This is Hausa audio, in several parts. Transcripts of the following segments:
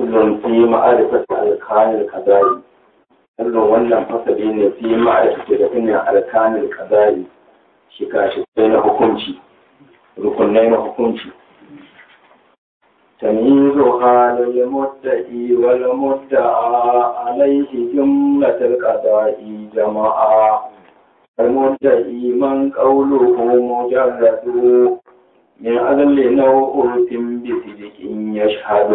yi ma'arifa ta alkanin kadari kullum wannan fasali ne fi ma'arifati da kazari shi kadari shika-shikai na hukunci rukunai na hukunci تمييزها للمدعي والمدعى عليه جملة القضاء جمعا المدعي من قوله مجرد من أجل نوع بصدق يشهد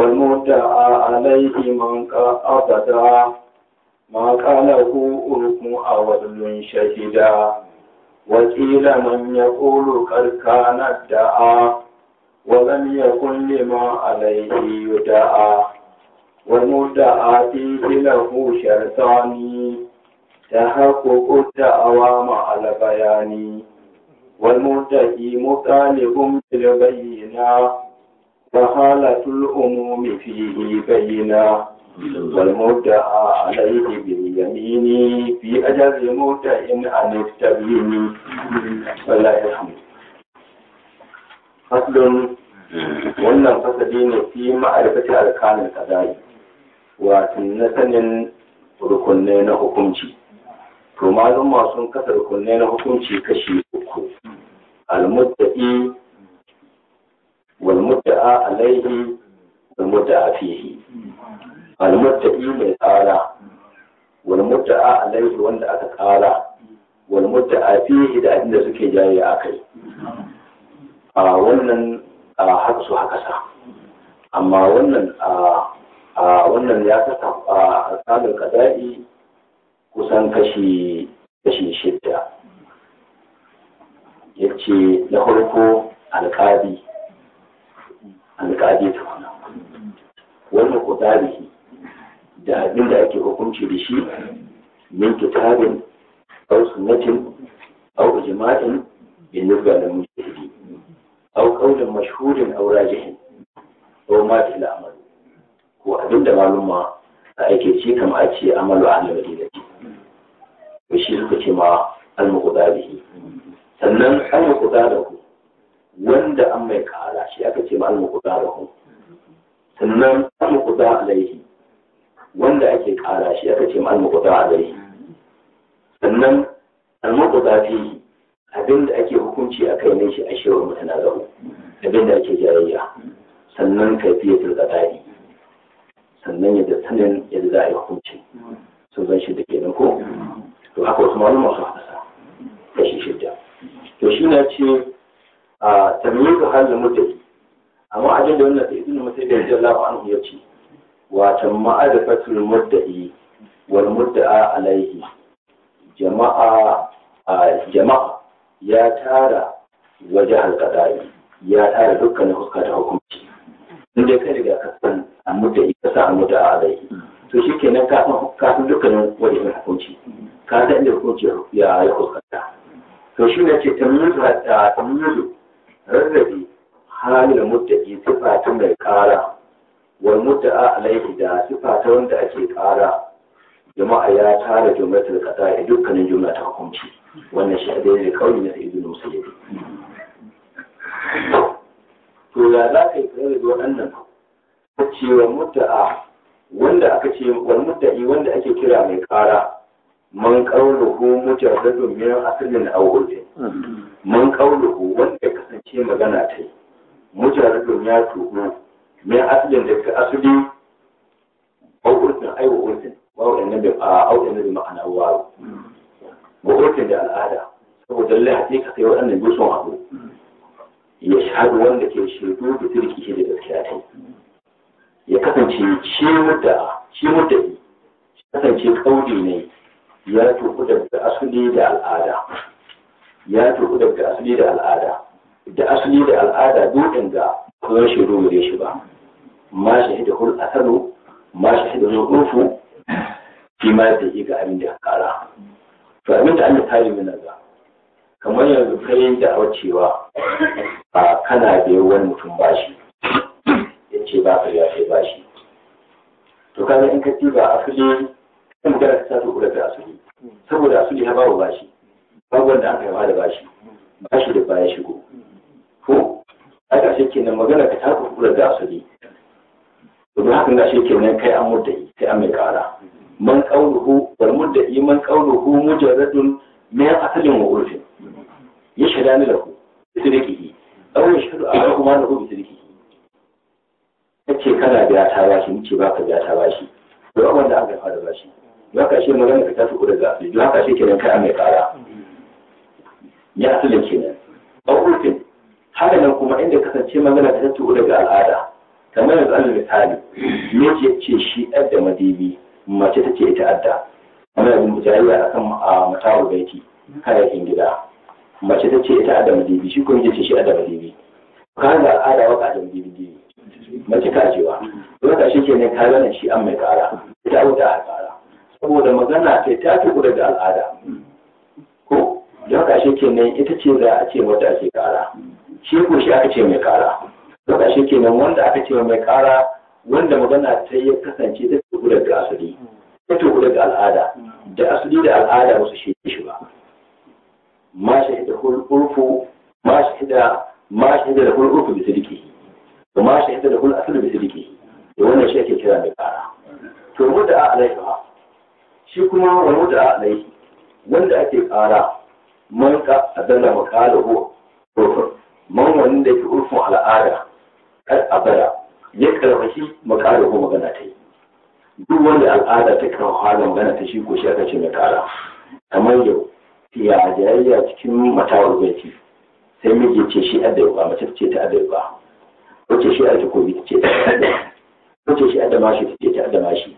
والمدعى عليه من أبدا ما قاله أركم أول شهدا وقيل من يقول قد كان ادعى ولم يكن لما عليه يدعى والمدعى فيه له شرطان تحقق الدعوى مع البيان والمدعي مطالب بالبينات فحالة الأموم فيه بينا والمدعى عليه باليمين في أجل إن أن التبيين فلا يحمد فصل wannan fasali ne fi ma'arifati alkanin kadai wato na sanin rukunne na hukunci to malum sun kasa rukunne na hukunci kashi uku almuddai والمدعى عليه والمدعى فيه المدعي من قال والمدعى عليه وند أتى قال والمدعى فيه da abinda suke jaye a kai a wannan a haka su haka sa amma wannan ya saka a tsarin kusan kashi kashi shidda ya ce na farko alkali alƙali tukuna wani kudari da abin da ake hukunci da shi min kitabin aw sunnatin aw ijma'in bin nisba da mujtahidi aw qawlin mashhurin aw rajihin aw ma til amal ko abin da maluma a ake ce kama a ce amalu a da madinati to shi suka ce ma al-muqtadihi sannan al-muqtadahu wanda an mai kara shi aka ce ma'al mukuda lahu sannan al mukuda alaihi wanda ake kara shi aka ce ma'al mukuda alaihi sannan al mukuda fihi abinda ake hukunci a kai ne shi a shewar mutana zahu abinda ake jayayya sannan kaifiyatul qada'i sannan yadda sanin yadda za a yi hukunci sun zan shi da kenan ko to haka wasu malama su haɗa kashi shidda to shi na ce a tamyizu halin mutai amma abin da wannan sai ibnu mutai da radiyallahu anhu ya ce Watan ma'arifatul mudda'i wal mudda'a alaihi jama'a jama'a ya tara waje alƙadari ya tara dukkanin huska ta hukunci inda ka kai ka kasan a mudda'i ka sa a mudda'a alaihi to shi kenan ka san dukkanin wajen hukunci ka san inda hukunci ya yi huskanta to shi ne ce tamyizu rarrabe halin muttaki sifa ta mai ƙara wal mutta'a alaihi da sifa wanda ake ƙara jama'a ya tara jumlatul qada'i dukkanin jumla ta hukunci wannan shi da ne kauli na ibn musayyib to ya za ka yi kare da waɗannan cewa mutta'a wanda aka ce wal mutta'i wanda ake kira mai ƙara man qawluhu mujarradun min aslin aw urfin man qawluhu wanda ya kasance magana ta mujarradun ya tuhu min aslin daga asali aw urfin ay urfin wa wannan da ma'ana wa wa urfin da al'ada saboda lalle hakika sai waɗannan biyu sun haɗu ya shahadu wanda ke shaidu da turki shi gaskiya ta ya kasance shi mudda shi mudda kasance kauri ne ya tuku daga asali da al'ada ya tuku da asali da al'ada da asali da al'ada dukkan ga kuma shi ruwure shi ba ma da hul asalu ma shi da ufu fi ma da yi ga abin da kara to abin da Allah tare mana ga kamar yanzu kai da cewa a kana da wani mutum bashi yace ba ka ya bashi to kaga in ka tiba asali sai magana ta sato kula da asuli saboda asuli ya bawa bashi babu wanda aka yawa da bashi bashi da baya shigo ko a ƙarshe kenan magana ka ta kula da asuli domin hakan da shi kenan kai an muddai sai an mai ƙara. man qawluhu wal muddai man qawluhu mujarradun min asalin wa urfin yashhadani lahu bisidiki aw yashhadu ahaduhuma lahu bisidiki kace kana biya ta bashi ni ce ba ka biya ta bashi to abin da aka fara bashi za ka shi magana ka tafi kuda zafi za ka shi kenan kai mai kara ya su kenan a hutun haka nan kuma inda kasance magana ta tafi daga al'ada kamar yanzu alal misali miji ya ce shi adda madibi mace ta ce ita adda kamar yanzu mujahiyya a kan matawar baiti kayayyakin gida mace ta ce ita adda madibi shi kuma ya ce shi adda madibi kayan da al'ada waka adda madibi mace ka cewa za ka shi kenan kayan shi an mai kara ita auta a saboda magana ce ta fi daga al'ada ko don ka shi kenan ita ce za a ce wata ake kara shi ko shi aka ce mai kara don ka shi kenan wanda aka ce mai kara wanda magana ta yi kasance ta fi daga asali ta fi daga al'ada da asali da al'ada wasu shi shi ba ma shi da hulurfu ma shi da ma shi da hulurfu bisa dike ma shi da hulurfu bisa dike da wannan shi ake kira mai kara to mu da alaiha shi kuma wani da alaihi wanda ake ƙara man ka makala ko urfun man wani da ke urfun al'ada kar bara ya karfashi ko magana ta yi duk wanda al'ada ta karfa hada magana ta shi ko shi aka ce na ƙara kamar yau ya jayayya cikin matawar baiti sai miji ce shi adaiwa mace ce ta adaiwa wace shi a takobi ce ta adaiwa wace shi adama shi ce ta adama shi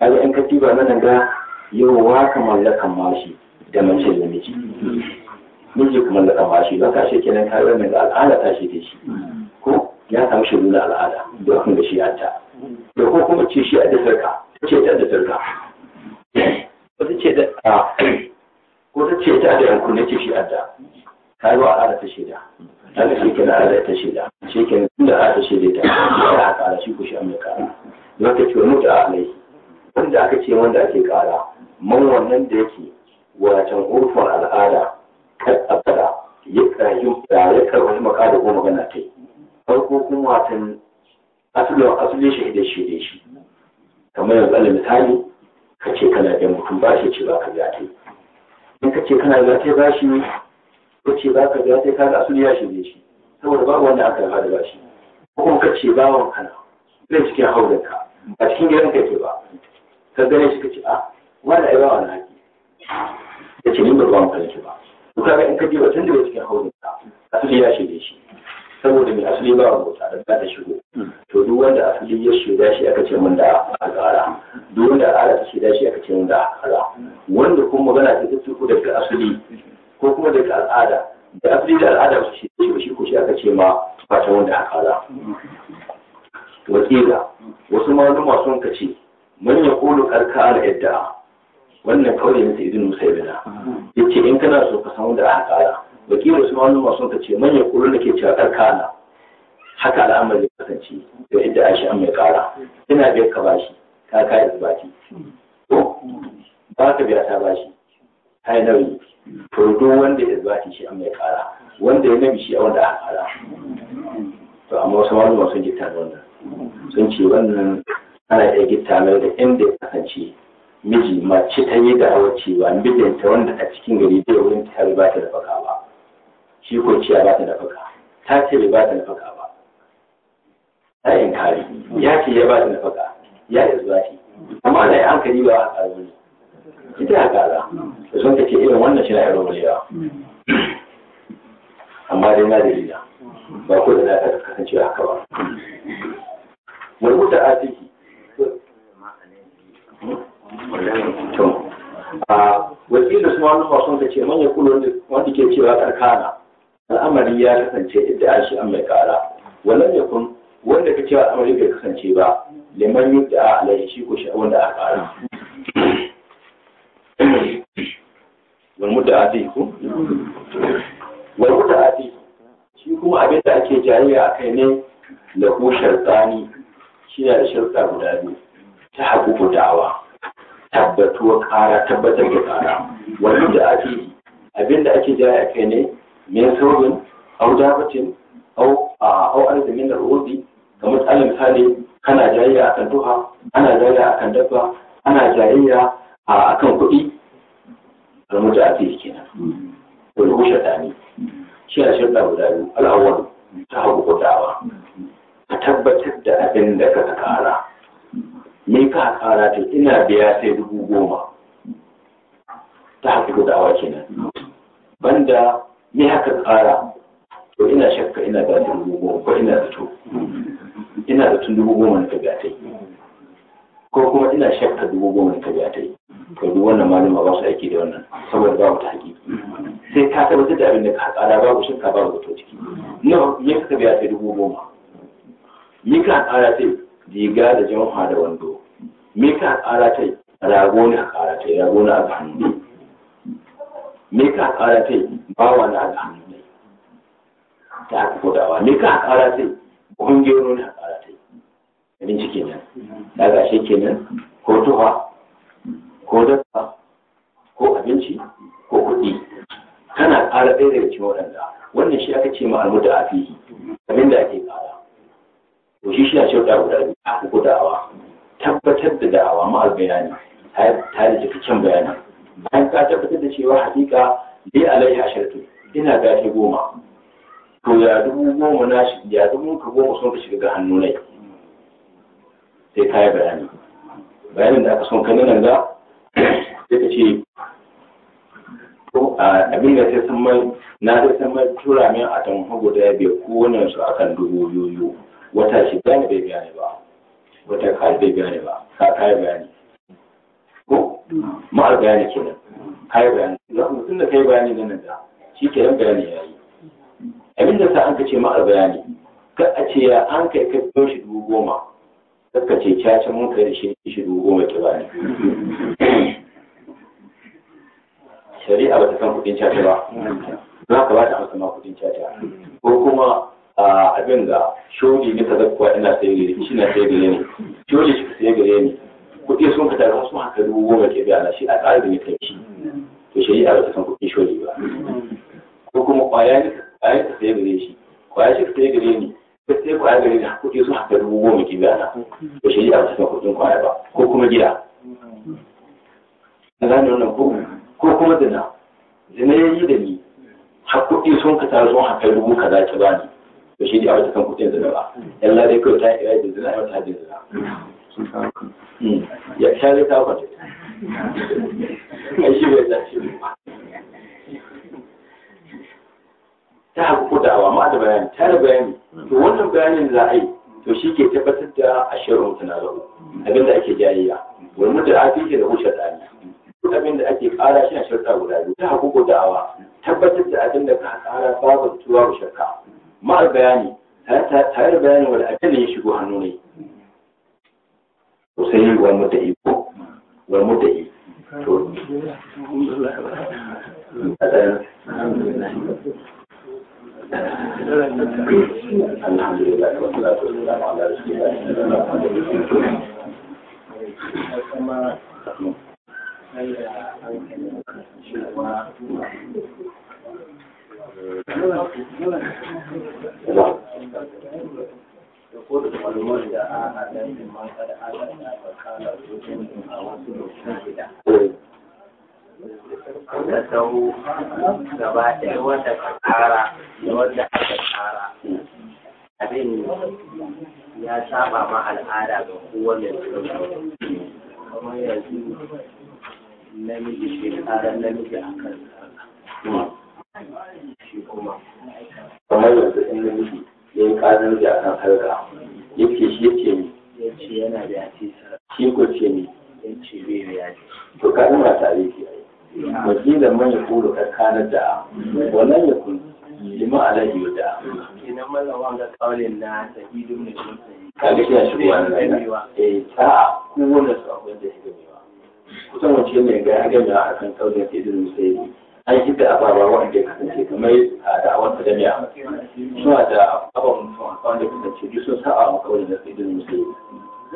a yan ba nan ga yau wa ka mallakan mashi da mace da miji miji kuma mallakan mashi ba ka shi kenan kayan mai al'ada ta shi da shi ko ya samu shiru da al'ada da kun da shi a ta da ko kuma ce shi a da sarka ce ta da sarka ta ce da ko ta ce ta da yankun na ce shi a da kayan al'ada ta shaida haka shi kenan al'ada ta shaida shi kenan da al'ada ta shaida ta ya haka shi ku shi amurka lokaci wa mutu a alaihi wanda aka ce wanda ake kara man wannan da yake wacan urfin al'ada kan abada ya da ya karhi makada ko magana ta farko kuma watan asulin asulin shi da shi da shi kamar yanzu alal misali ka ce kana da mutum ba shi ce ba ka zata in ka ce kana ta ba shi ko ce ba ka zata ka da asulin ya shi da shi saboda babu wanda aka rada ba shi ko ka ce bawon kana zai cikin haurinka a cikin gidan ka ke ba ka gane shi ka ce a ah, wanda ai ba wani haƙi ya ce yin babban kalki ba to kaga in ka je wa tunda cikin haurin ka asali ya shige shi saboda mai asali ba wa mota da ta shigo hmm. to duk wanda asali ya shaida shi aka ce mun da al'ada, duk wanda al'ada ta shaida shi aka ce mun da al'ada, wanda kuma magana ta tattako daga asali ko kuma daga al'ada da asali da al'ada su shi shi shi ko shi aka ce ma fata wanda alƙara hmm. wakila wasu malama sun ka ce man ya kulu karkar yadda wannan kawai yanzu idin musa ibina ya ce in kana so ka samu da aka kara wakilin su wani masu ka ce man ya kulu da ke cewa na. haka al'amari ya kasance da yadda a shi an mai kara ina biyar ka bashi ka kayan zubati ko ba ka biya ta bashi yi nauyi to wanda ya zubati shi an mai kara wanda ya nabi shi a wanda aka kara to amma wasu wani masu gita wannan sun ce wannan ana iya gita mai da inda ya kasance miji mace ta yi da hawa cewa mijinta wanda a cikin gari bai wurin ta ba ta da faka ba shi ko ci ba ta da faka ta ce bai ba ta da faka ba ta yin kari ya ce ya ba ta da faka ya yi zuwa shi amma da an kari ba a karo ne ita ya kara da sun kace irin wannan shi na yaro mulewa amma dai na dalila ba ko da na kasance haka ba wani mutu a wani masu da ce manyan kulon wanda ke cewa karkana al'amari ya kasance idda shi an mai kara wannan ya kun wanda ka cewa al'amari bai kasance ba liman yudda a alaihi shi ko shi wanda a kara wal muddaati ku wal muddaati shi kuma abin da ake jariya a kai ne lahu shartani shi da sharta guda biyu ta haƙuƙu da'awa tabbatuwa ƙara tabbatar da ƙara Wannan da ake abin da ake jaya kai ne min saurin au dabatin au au arzimin da rubi kamar alal misali kana jayayya akan duha ana jayayya akan dabba ana jayayya akan kuɗi almuta a fiye kenan wani da dani shi a shirɗa guda biyu al'awar ta hagu da'wa. ka tabbatar da abin da ka kara me ka kara ta ina biya sai dubu goma ta haka gudawa kenan banda me haka kara to ina shakka ina da dubu goma ko ina zato ina da tun dubu goma na biya ta ko kuma ina shakka dubu goma na biya ta to duk wannan malama ba su aiki da wannan saboda babu ta haƙi sai ka tabbatar da abin da ka tsara babu shakka babu zato ciki ne me ka biya sai dubu goma me ka tsara sai diga da jamfa da wando me ka ƙara tai rago na ƙara tai rago na alhannu ne me ka ƙara tai bawa na alhannu ne ta aka kodawa me ka ƙara tai buhun gero na ta tai abinci kenan ga shi kenan ko tuwa ko dafa ko abinci ko kuɗi kana ƙara ɗaya daga cikin waɗanda wannan shi aka ce ma almuda a fihi abin da ake ƙara to shi shi a guda biyu a kuku da'awa tabbatar da da'awa ma'al bayani tare da cikakken bayani bayan ka tabbatar da cewa hakika dai alaihi asharatu ina gashi goma to ya dubu goma na shi ya dubu ka goma sun ka shiga hannu nai? sai ka yi bayani bayanin da aka son kan nan ga sai ka ce abin da sai san mai na sai san mai tura min a tan hagu da ya ko kowane su akan dubu yoyo. wata shida ne bai bayani ba wata kai bai bayani ba ka kai bayani ko ma'ar bayani kenan kai bayani don mutum da kai bayani nan da shi kenan bayani ya yi abin da sa an kace ma'ar bayani ka a ce ya an kai ka biyo shi dubu goma ka ce caca mun kai da shi shi dubu goma ki bayani. shari'a ba ta san kudin caca ba za ka ba ta amsa ma kudin caca ko kuma abin da shoji ne sadakwa ina sai gare shi na sai gare ni shoji shi sai gare ni kuɗi sun ka tare sun haka dubu goma ke biya shi a tsarin da kai shi to shi ya rasa san kuɗi shoji ba ko kuma kwaya ne kwaya ka sai gare shi kwaya shi ka sai gare ni ka sai kwaya gare ni kuɗi sun haka dubu goma ke biya to shi ya rasa san kuɗin kwaya ba ko kuma gida na gane wannan ko ko kuma dana zina ya yi da ni har sun ka sun haka dubu kaza ki bani da kawai ta yi hmm. ya ta a ta da bayani ta bayani to wannan bayanin yi to shi ke tabbatar da ashirin tana da abinda ake jayayya wani mutum a fi ke da wuce tsari abin da ake kara shi a shirka guda biyu ta haku gudawa tabbatar da abinda ka kara babu tuwa shirka ma'ar bayani tare da bayanin wani ajali ya shigo hannu ne to sai الحمد لله والصلاة والسلام على رسول الله da sau gaba ɗaya wanda ka tsara da wanda aka tsara abin ya saba ma al'ada ga kowane lokaci kamar yanzu namiji shekarar namiji a kan kamar yanzu in namiji ya yi ƙarar da kan harka yake shi yake mi shi ko ce da ce bai ya mi to ka ina tare ke wakilan man ya kuro karkanar da wannan ya kun lima alaji da kenan mallawa ga kawalin na ta sahidun da shi kaga kina shi wannan eh ta kowane su abin da shi gamewa kusan wace ne ga ya gamewa akan kawalin sahidun da shi an yi da ababa wanda ya kasance kamar a da'awar ta jami'a suna da ababen wanda kasance duk sun sa'a wa kawai da tsibin musulmi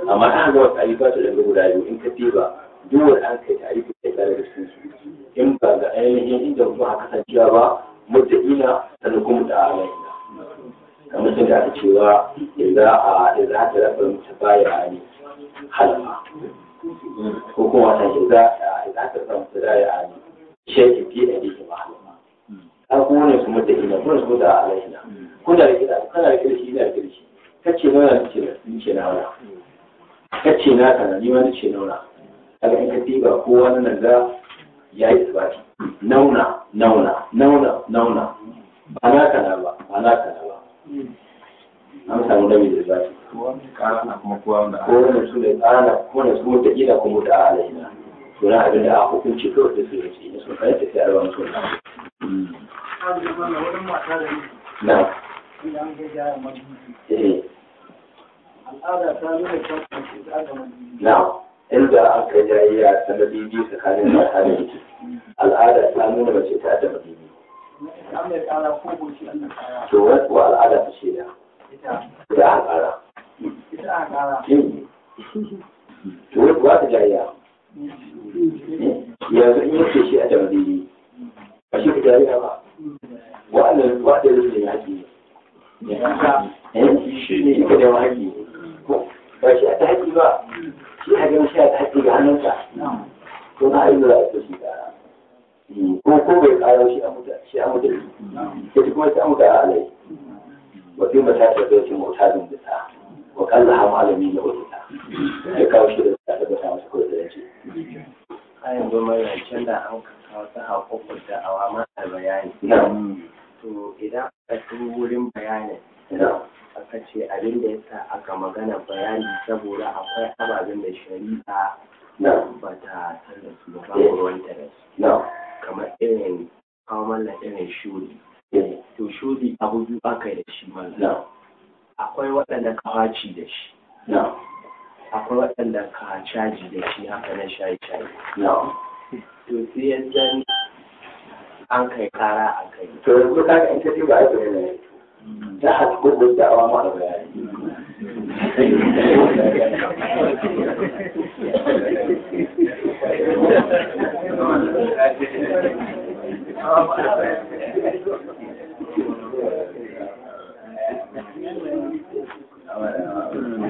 amma ta ga wata ayyuka su da guda biyu in ka diba duk wani an kai ayyuka ya tsara da su in ba ga ainihin inda mutum a kasancewa ba ina sannan kuma da alaina kamar sun da aka cewa idza a da idza ta rafa mutabaya ne halama ko kuma ta idza idza ta rafa mutabaya ne shay'in fi abihi wa halama an kuma ne kuma da ina kuma su da alaina kuna da kida kana da kirki, ina da kirki. kida shi kace mana nace ce na wala kace na kana ni ma nace nauna kaga in ka diba ko wannan da yi tsibati. nauna nauna nauna nauna ba na kana ba ba na kana ba an samu rabi da zafi ko wani kara na kuma kowa da ko wani su da tsara ko wani su da ila kuma da alaina kula abin da a hukunci kawai da su yi na sun fara tafiya da wani kuma. Na. Na. Inda an kai jayayya sanadi biyu tsakanin mata da miji. Al'ada ta nuna mace ta da miji. To wasu al'ada ta ce da. Ita a kara. Ita a kara. To wasu ba ta jayayya. yanzu in yake shi a tambayi a shi ka jariya ba wa'annan wa'adar Ya haƙi eh? ne shi ne ita da haƙi ba shi a ta haƙi ba shi a gama shi a ta haƙi ga hannunka to na ayi lura ita shi ƙara hmm, ko ko bai ƙara shi a mutu shi a mutu ita kuma ta mutu a alai wato mata ta zai ce mota bin da ta wa kalla ha malami na wata ta ya kawo shi da har yanzu mawuyacin da an kawo ta haƙoƙo da awama da bayani to idan aka ci wurin bayani aka ce abin da yasa aka magana bayani saboda akwai ababen da shari'a ba ta san eh. da su ba ruwan ta da su kamar irin kawo mallan irin shuri eh. to shuri abu aka yi da shi mallan akwai waɗanda kawaci da shi akwai waɗanda ka caji da shi haka na shayi shayi to sai ya zan an kai kara a kai to yanzu ka in kace ba aka yana da a cikin da awa ma da bayani Thank you.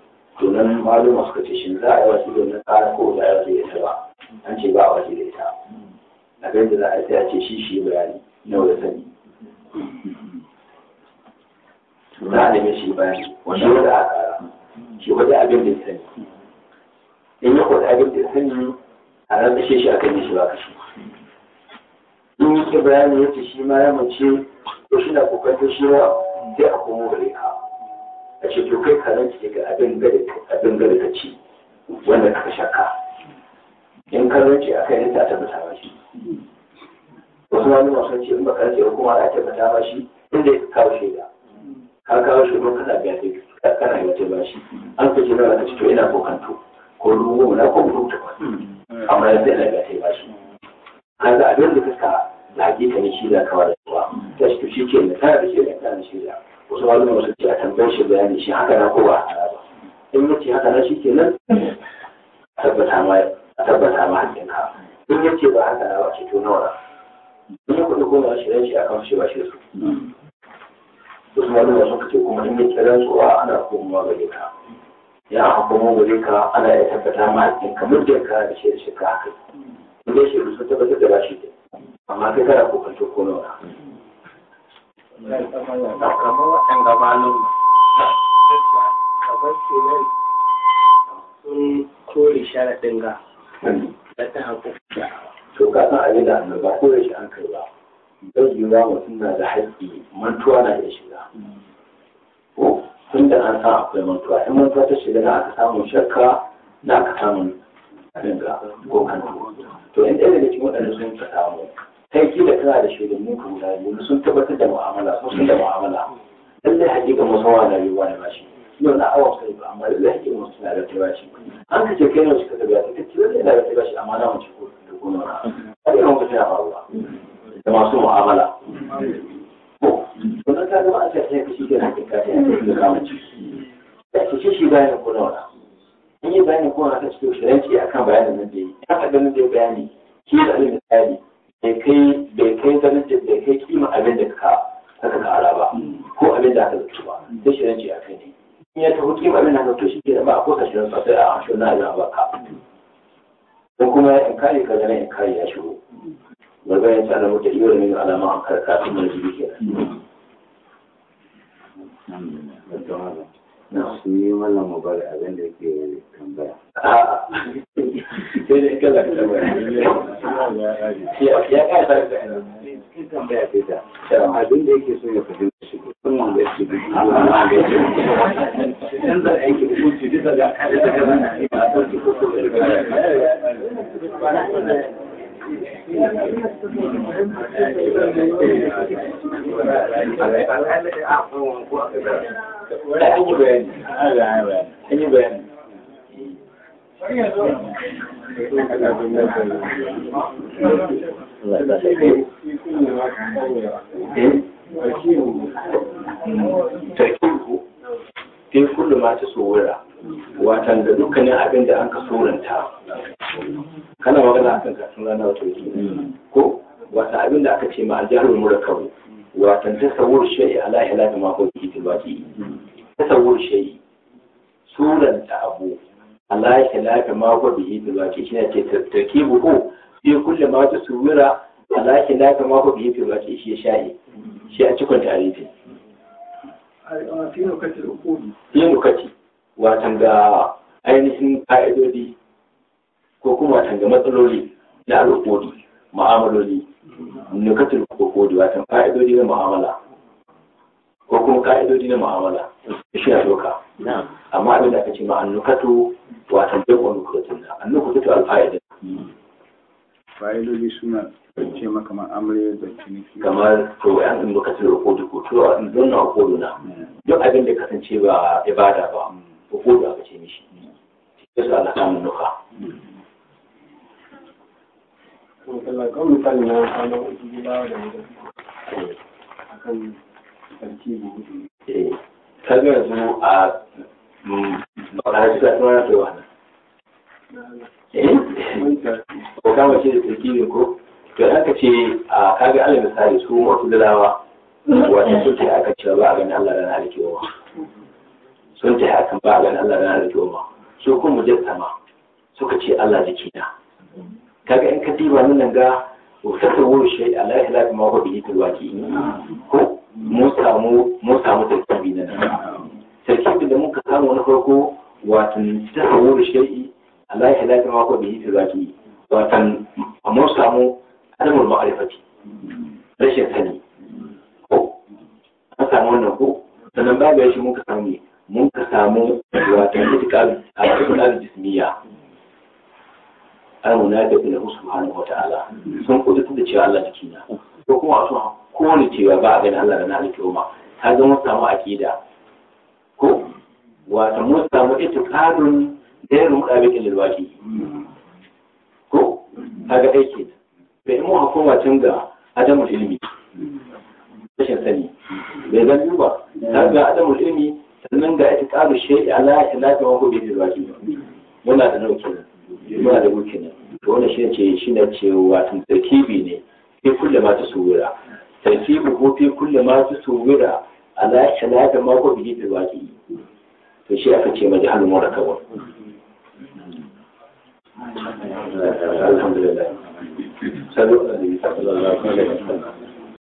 to nan malum suka ce shin za a yi wasu domin tsara ko za a yi wasu da ita ba an ce ba a wasu da ita abin da za a yi ce shi shi bayani nawa da sani za a nemi shi bayani wanda wanda a tsara shi wajen abin da sani in yi kwata abin da sani a ran shi a kan shi ba ka shi in yi bayani ya ce shi ma ya mace ko shi na kokarin shi ma sai a komo gare ka a ce to kai kanan ce ga abin gari ta ci wanda ka shakka in zo ce aka ne ta tabbata ba shi wasu wani masu ce in ba ka ce kuma ta tabbata ba shi inda ya kawo shaida ka kawo shaida kana biya ta kana yi wata ba shi an ka ce na ka ci to ina kokanto ko rubu na ko rubuta amma yanzu ina biya ta ba shi kan da abin da ka sa da ne shi za ka wada ta shi to shi ke ne ta da shi da ta da shi da wasu malamin sun ce a tambayar shi bayani shi haka na ko ba in yace haka na shi kenan tabbata ma a tabbata ma hakkin ka in yace ba haka na ba ce to nawa in ya kuɗi goma shi shi a kan shi ba shi su wasu malamin sun ce kuma in yace rantsuwa ana komawa gare ka ya hukuma gare ka ana ya tabbata ma hakkin ka muddin ka da shi da shi ka haka in dai shi sun tabbatar da ba shi amma kai kana kokanto ko nawa na kamar waɗanda malum kamar kenan sun kore sharaɗin ga da ta hakuka to ka san abin da ba kore shi an kai ba don yiwuwa mutum na da haƙƙi mantuwa na iya shiga tun da an san akwai mantuwa in mantuwa ta shiga na aka samu shakka na aka samu abin ga ko kan to in ɗaya daga cikin waɗanda sun ka samu tana da shugabanni ku guda biyu sun tabbatar da mu'amala sun san da mu'amala lallai hakika musu wa na yiwuwa da bashi yau na awon sai ba amma lallai hakika musu na da bashi an kace kai ne suka gaba ta kace da na da bashi amma na wance ko da gona na har yau mutum ya faruwa da masu mu'amala to wannan ta zama an ce sai ka shi ke hakika ta yi da kamar ciki da kici shi bayanin ko nawa in yi bayanin ko na ta cikin shirin kan bayanin nan da yi ya faɗa nan da ya bayani shi da alin tsari. bai kai bai kai darajar bai kai kima abin da ka saka kara ba ko abin da aka zato ba sai shi rance a kai ne in ya tafi kima abin da aka zuci shi ba a ko kashirin sa sosai a hasho na abin ba ka ko kuma in kare ka zana in kare ya shigo gargayen sa da mutu iya da mai alama a karka sun da jiri ke nan. Sun yi mallam mu abin da ke tambaya. sai dai kaza ka ya kasa da tambaya da yake so ya fahimta shi musamman da da da fi kullu ma ta tsowira watan da dukkanin abin da an ka kana magana akan rana wato ko wata abin da aka ce ma aljarul murakkabu watan tasawwur shay'i ala ilahi baki shay'i abu ala khilafi ma huwa bihi tilwaki shi na ce tarkibu ko fi kulli ma ya ala khilafi ma huwa bihi tilwaki shi shahi shi a cikin tarihi fi nukati ukudi watan ga ainihin ka'idodi ko kuma watan ga matsaloli na al'ukudi ma'amaloli nukatul ukudi watan ka'idodi na ma'amala ko kuma ka'idodi na ma'amala shi a doka amma abin da aka ce ma'annukatu watan bai wani kuratun da an nuka fito alfa'ida fa'idodi suna ce ma kamar amurya da ciniki kamar to yan in baka tsira ko duk to a zanna a kodo na duk abin da kasance ba ibada ba ko kodo aka ce mishi sai su ala kamun nuka kan misali na kwana uku gida da mutum akan sarki da mutum eh, kaga yanzu a ọ̀la ẹ̀sìn láti wọ́n rẹ̀ wà náà. ko kama ce da ne, ko to da aka ce a kaga alal misali su mutu dalawa wata sun ce aka ce ba a ganin Allah rana da kewa sun ce akan ba a ganin Allah rana da kewa su kuma mujassama suka ce Allah jiki na kaga in ka diba nan ga wasata wuri shi Allah ya lafi ma ba bi ko mu samu mu samu tarkibi na nan tarkibin da muka samu na farko watan ta hawar shai'i Allah ya lafi mako da yita zaki watan mun samu adamar ma'arifati rashin sani ko an samu wannan ko sannan ba ga yashi muka samu ne mun ka samu watan itikal al-itikal jismiya an munafi da Allah subhanahu wa ta'ala sun kudu da cewa Allah jikina ko kuma wato kowane cewa ba a gani Allah da na ba. ta zama samu aqida ko wata mun samu itiqadun gairu mudabiqin lil waqi ko kaga aiki bai mu hukuma canza adamul ilimi. rashin sani bai zan duba ga adamul ilimi sannan ga itiqadu shay'i ala ilahi wa huwa bil waqi muna da nauki muna da mulki ne to wannan shi ce shi ne ce wato tarkibi ne fi kullu ma wura. tarkibi ko fi kullu ma wura. ala shalata ma ko bihi bil waqi to shi aka ce ma jihar alhamdulillah sallallahu alaihi